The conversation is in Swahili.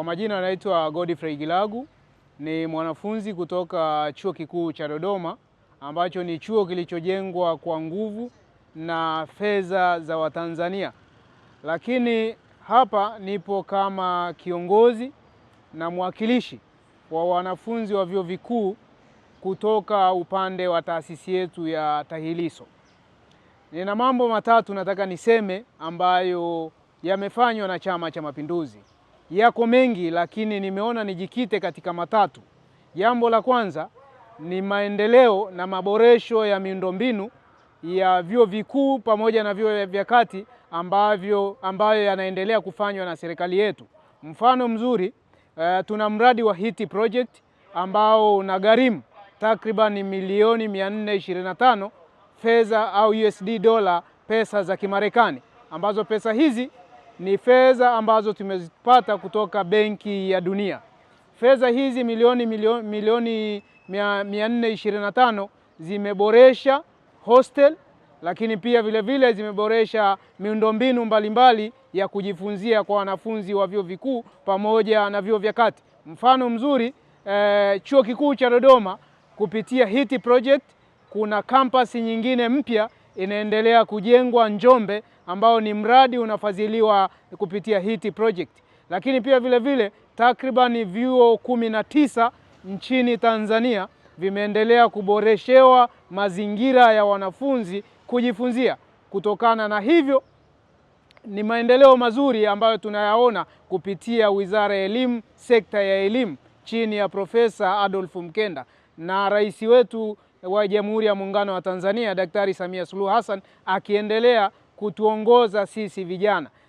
Kwa majina anaitwa Godfrey Gilagu, ni mwanafunzi kutoka Chuo Kikuu cha Dodoma ambacho ni chuo kilichojengwa kwa nguvu na fedha za Watanzania, lakini hapa nipo kama kiongozi na mwakilishi wa wanafunzi wa vyuo vikuu kutoka upande wa taasisi yetu ya TAHILISO. Nina mambo matatu nataka niseme ambayo yamefanywa na Chama cha Mapinduzi. Yako mengi, lakini nimeona nijikite katika matatu. Jambo la kwanza ni maendeleo na maboresho ya miundombinu ya vyuo vikuu pamoja na vyuo vya kati ambavyo ambayo yanaendelea kufanywa na serikali yetu. Mfano mzuri uh, tuna mradi wa HITI project ambao unagharimu takriban milioni 425 fedha au USD dola, pesa za Kimarekani ambazo pesa hizi ni fedha ambazo tumezipata kutoka Benki ya Dunia. Fedha hizi milioni milioni, milioni 425 zimeboresha hostel lakini pia vile vile zimeboresha miundombinu mbalimbali ya kujifunzia kwa wanafunzi wa vyuo vikuu pamoja na vyuo vya kati. Mfano mzuri eh, chuo kikuu cha Dodoma kupitia HEET project kuna kampasi nyingine mpya inaendelea kujengwa Njombe, ambao ni mradi unafadhiliwa kupitia HEET project, lakini pia vile vile takribani vyuo kumi na tisa nchini Tanzania vimeendelea kuboreshewa mazingira ya wanafunzi kujifunzia. Kutokana na hivyo, ni maendeleo mazuri ambayo tunayaona kupitia Wizara ya Elimu, sekta ya elimu chini ya Profesa Adolf Mkenda na rais wetu wa Jamhuri ya Muungano wa Tanzania Daktari Samia Suluhu Hassan akiendelea kutuongoza sisi vijana.